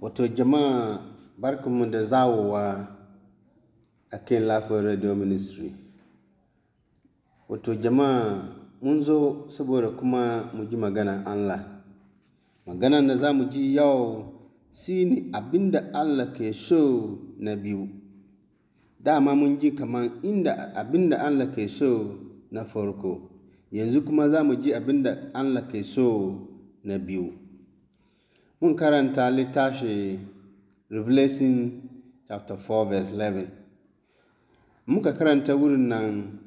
Wato jama'a barkanmu da zawowa a kan Lafiyar Radio Ministry. Wato jama'a mun zo saboda kuma mu ji magana Allah. magana da za mu ji yau si ne abinda Allah ke so na biyu. Dama mun ji kamar inda abinda Allah ke so na farko, yanzu kuma za mu ji abinda Allah ke so na biyu. mun karanta littafi revelation chapter 4 verse 11 muka karanta wurin nan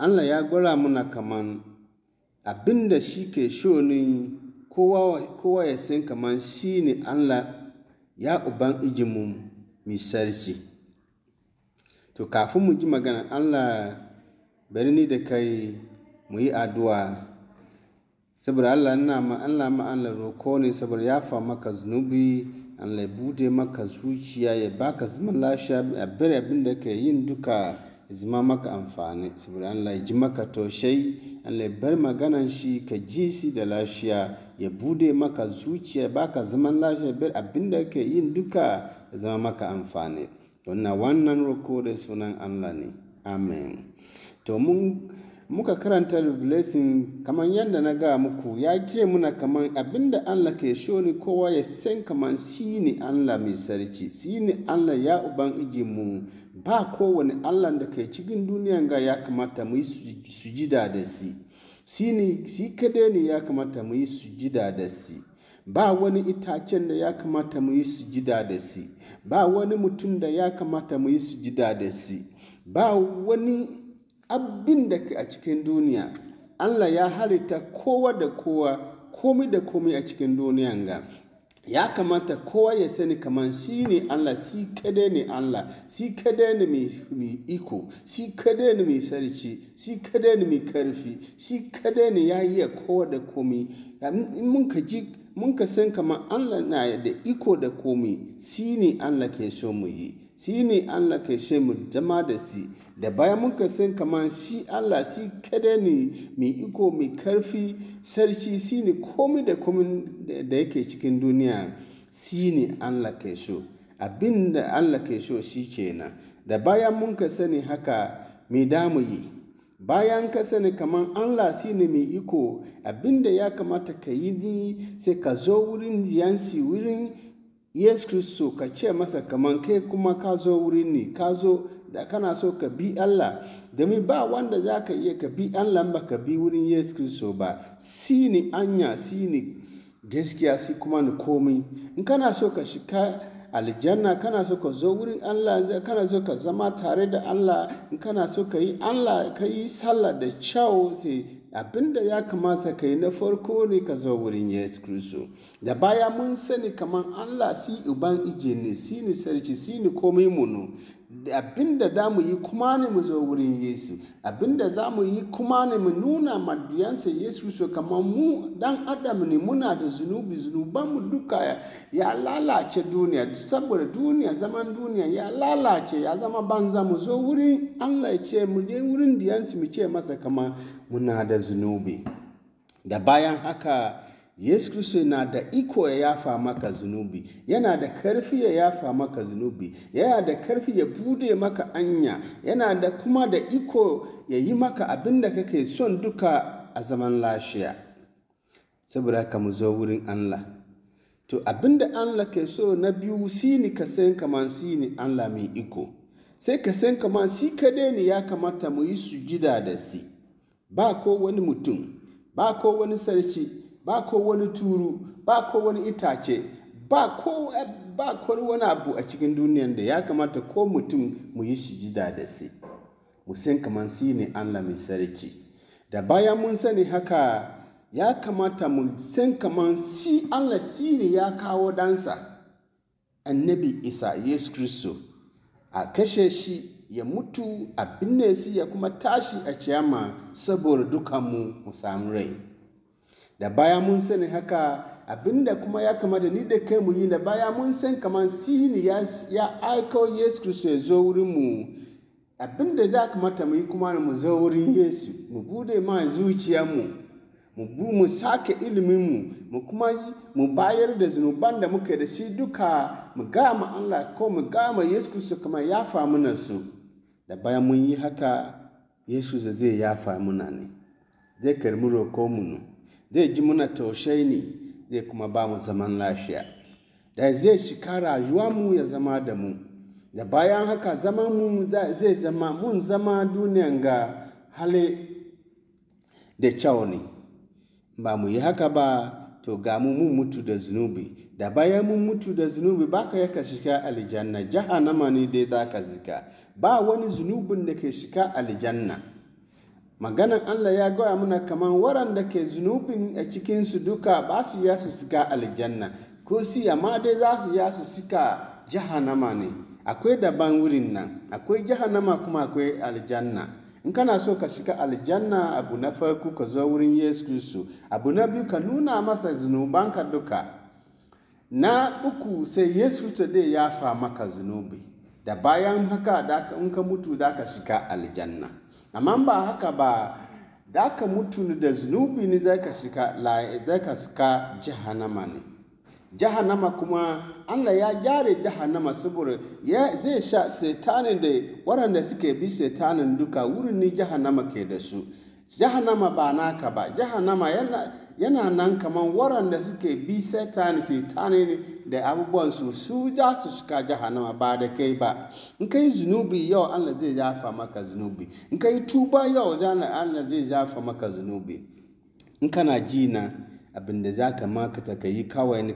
allah ya gwara muna kaman abinda shi ke shoni kowa, kowa ya san kaman shi ne allah ya uban ijimu mai sarki to kafin mu ji magana allah bari ni da kai mu yi addu'a saboda Allah ina ma Allah ma Allah roko ne saboda ya fa maka zunubi Allah ya bude maka zuciya ya baka zaman lafiya a bari abin da ka yin duka zama maka amfani saboda Allah ya ji maka toshai Allah ya bar maganan shi ka ji shi da lafiya ya bude maka zuciya ya baka zaman lafiya bar abin da ka yin duka zama maka amfani wannan wannan roko da sunan Allah ne amen to mun muka karanta revelation kamar yadda na ga muku ya ke muna kamar abinda Allah ke soni kowa ya san kamar shi ne Allah mai sarki shi ne Allah ya ubangiji mu ba kowane Allah da ke cikin duniyan ga ya kamata mu yi sujida da si shi ne shi kadai ne ya kamata mu yi sujida da si ba wani itacen da ya kamata mu yi sujida da si ba wani mutum da ya kamata mu yi sujida da si ba wani abin da a cikin duniya Allah ya halitta kowa da kowa komi da komi a cikin duniya ga ya kamata kowa ya sani kamar shi ne Allah si kade ne Allah si kade ne mai iko si kade ne mai sarki si kade ne mai karfi si kade ne ya yi kowa da komi mun ka ji mun ka san kama Allah na da iko da komi si ne Allah ke so mu yi si ne Allah ke so mu zama da si. da baya muka san kama shi Allah shi kada ne mai iko mai karfi sarki shi ne komi da komi da yake cikin duniya shi ne Allah ke so abin da Allah ke so shi kenan da baya muka sani haka mai damu yi bayan ka sani kamar Allah shi ne mai iko abin da ya kamata ka yi ni sai ka zo wurin yansi wurin yesu kristo ka ce masa kamar kai kuma ka zo wurin ni ka zo da kana so ka bi allah domin ba wanda za ka iya ka bi allah ba ka bi wurin yesu kristo ba si ne anya si ne gaskiya si kuma ni komai in kana so ka shiga aljanna kana so ka zo wurin Allah kana so ka zama tare da Allah kana so ka yi Allah ka yi sallah da kyau sai abinda ya kamata ka yi na farko ne ka zo wurin Yesu Kristo da baya mun sani kaman Allah si uban ije ne si ni sarki si ni komai mu. abin da da mu yi kuma ne mu zo wurin yesu abin da za mu yi kuma ne mu nuna maduyansa yesu so kamar mu dan adam ne muna da zunubi zunuban mu duka ya lalace duniya saboda duniya zaman duniya ya lalace ya zama banza mu zo wurin allah ya ce mu je wurin diyansu mu ce masa kamar muna da zunubi da bayan haka Yesu Kristo na da iko ya yafa maka zunubi, yana da karfi ya yafa maka zunubi, yana da karfi ya bude maka anya, yana da kuma da iko ya yi maka abin da kake son duka a zaman lafiya. Saboda haka mu zo wurin Allah. To abin da Allah ke so na biyu si ni ka san kamar si ni Allah mai iko. Sai ka san kamar si kadai ni ya kamata mu yi sujida da si. Ba ko wani mutum, ba ko wani sarki, ba ko wani turu ba ko wani itace ba ko ba ko wani abu a cikin duniyan da ya kamata ko mutum mu yi sujida da shi mu san kamar shi ne Allah mai sarki da bayan mun sani haka ya kamata mu san kamar shi Allah shi ne ya kawo dansa annabi Isa Yesu Kristo a kashe shi ya mutu a binne shi ya kuma tashi a ciyama saboda dukanmu mu samu rai da baya mun sani haka abinda kuma ya kamata ni da kai mu yi da baya mun san kamar sini ya ya aiko Yesu Kristo ya zo wurin mu abinda za kamata mu yi kuma mu zo wurin Yesu mu bude ma zuciya mu mu bu mu sake ilimin mu mu kuma mu bayar da zunuban da muke da shi duka mu gama Allah ko mu gama Yesu Kristo kamar ya fa na su da baya mun yi haka Yesu zai famu na ne zai karmi roƙo mu zai ji muna taushe ne zai kuma ba mu zaman lafiya da zai shika rayuwa mu ya zama da mu da bayan haka zaman mu zai zama mun zama duniyan ga hali da kyau ne ba mu yi haka ba to ga mu mun mutu da zunubi da bayan mun mutu da zunubi ba ka yaka shiga aljanna jahannama ne dai za ka zika ba wani zunubin da ke shiga aljanna maganan Allah ya gaya muna kaman waɗanda ke zunubin a cikinsu duka ba su ya su sika aljanna ko si amma dai za su ya su sika jahannama ne akwai daban wurin nan akwai jahannama kuma akwai aljanna in kana so ka shiga aljanna abu na farko ka zo wurin yesu kristo abu na biyu ka nuna masa zunubanka duka na uku sai yesu kristo dai ya fa maka zunubi da bayan haka in ka mutu da ka shiga aljanna amma ba haka ba da ka mutu da zunubi ne zai ka shiga za ka shiga jahannama ne jahannama kuma Allah ya gyara jahannama saboda ya zai sha setanin da waɗanda suke bi setanin duka wurin ne jahannama ke da su jahannama ba naka ba jahannama yana, yana nan kaman waɗanda suke bi satani satani ne da abubuwan su su za su shiga jahannama ba da kai ba in ka yi zunubi yau allah zai jafa maka zunubi in ka yi tuba yau allah zai jafa maka zunubi in kana ji na abin da za ka makata ka yi kawai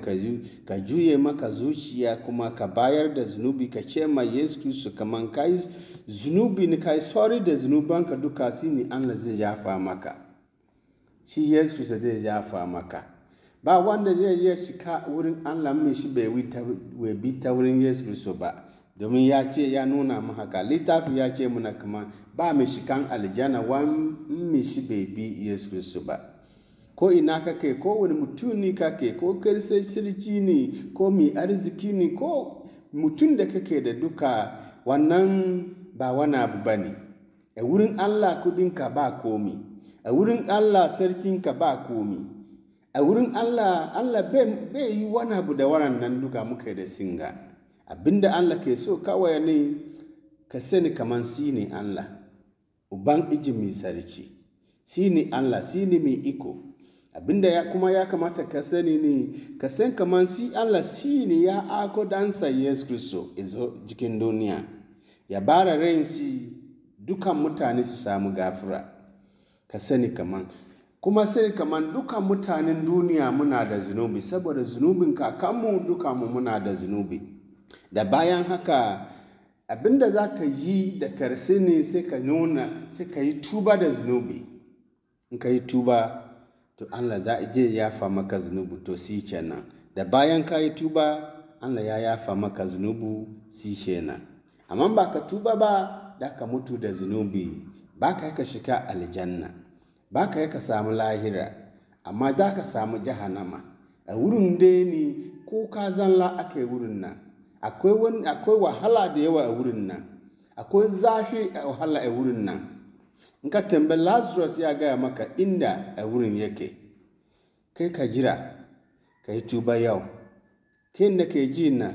ka juye maka zuciya kuma ka bayar da zunubi ka ce ma yesu kristu kaman ka yi zunubi ni ka yi sori da zunuban ka duka si an allah zai jafa maka shi yesu kristu zai jafa maka ba wanda zai shi ka wurin allah mai shi bai bi ta wurin yesu kristu ba domin ya ce ya nuna mu haka littafi ya ce muna kuma ba mai kan aljana wani mai shi bai bi yesu kristu ba ko ina kake ko wani mutum ne kake ko karsashirci ne ko mai arziki ne ko mutum da kake da duka wannan ba wani abu ba ne a wurin allah kudinka ba komi a wurin allah sarkinka ba komi a wurin allah allah bai yi wani abu da nan duka muka da singa abinda allah ke so kawai ne ka sani kamar si ne allah uban iji mai sarki si ne allah si ne mai iko abinda ya kuma ya kamata ka sani ne ka san kamar si Allah si ne ya ako dansa Yesu Kristo izo jikin duniya ya bara rainsi dukan mutane su samu gafura ka sani kaman kuma sai kaman dukan mutanen duniya muna da zunubi saboda zunubin kakanmu dukanmu muna da zunubi da bayan haka abinda za ka yi da karsi sai ka nuna sai ka yi tuba da zunubi in ka yi tuba to Allah za a je yafa maka zunubu to si kenan da bayan ka yi tuba Allah ya yafa maka zunubu si kenan amma ba ka tuba ba da ka mutu da zunubi ba ka ka shiga aljanna ba ka ka samu lahira amma da ka samu jahanama a wurin dai ne ko ka zanla aka wurin nan akwai wahala da yawa a wurin nan akwai zafi a wahala a wurin nan in ka tambayi lazarus ya gaya maka inda a wurin yake kai ka jira ka yi tuba yau kin da ka ji na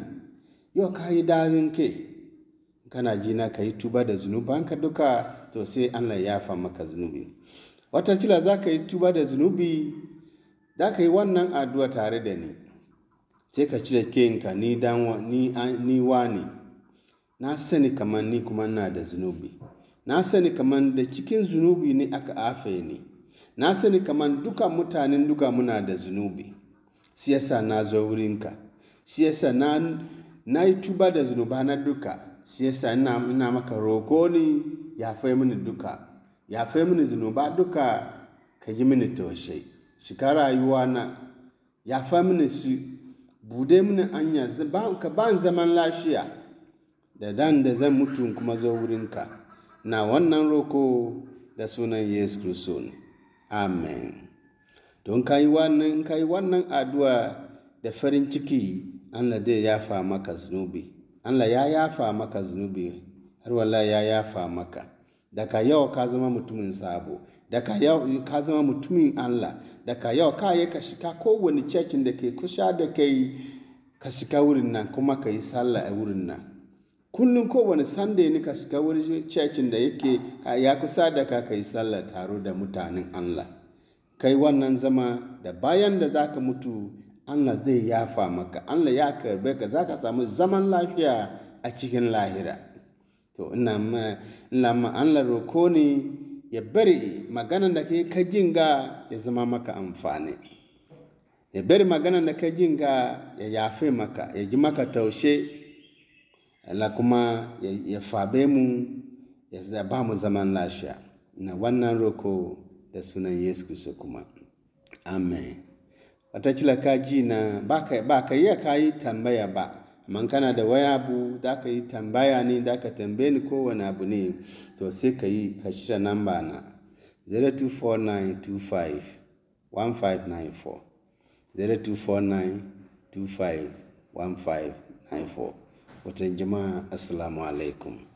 yau ka yi dazin ke kana ji na ka yi tuba da zunubanka duka to sai allah ya fa maka zunubi wata cila za ka yi tuba da zunubi za ka yi wannan addu'a tare da ni sai ka cire kenka ni dan ni, ni wani na sani kamar ni kuma na da zunubi na sani kaman da cikin zunubi ne aka afaye ni na sani kaman duka mutanen duka muna da zunubi siyasa na zo wurinka siyasa na yi tuba da zunuba na duka siyasa ina ina maka roko ni fai mini duka fai mini zunuba duka ka yi mini taushe shika rayuwa na fai mini su bude mini anya ka ban zaman lafiya da dan da zan mutu kuma zo wurinka na wannan roko da sunan Yesu Kristo ne. Amen. Don ka yi wannan, ka yi wannan addu'a da farin ciki, Allah ya fa maka zunubi. Allah ya ya fa maka zunubi, har wallah ya ya fa maka. Daga yau ka zama mutumin sabo, daga yau ka zama mutumin Allah, daga yau ka yi ka shika kowane cikin da ke kusa da kai ka shika wurin nan kuma ka yi sallah a wurin nan. kullum kowane sunday ka shiga wuri cecin da yake ya kusa da ka kai sallah taro da mutanen allah kai wannan zama da bayan da zaka mutu allah zai yafa maka allah ya karbe ka zaka samu zaman lafiya a cikin lahira to ina ma ina ma allah roko ne ya bari maganan da kai ka jinga ya zama maka amfani ya bari maganan da ka jinga ya yafe maka ya ji maka taushe la kuma ya faabe mu ya ba mu zaman lafiya na wannan roko da sunan yesu kristo kuma amen watakila ka ji na ba ka iya ka yi tambaya ba amma kana da waya abu da ka yi tambaya ne da ka tambaye ni kowane abu ne to sai ka yi ka cire namba na 024925 1594 watan jama'a assalamu alaikum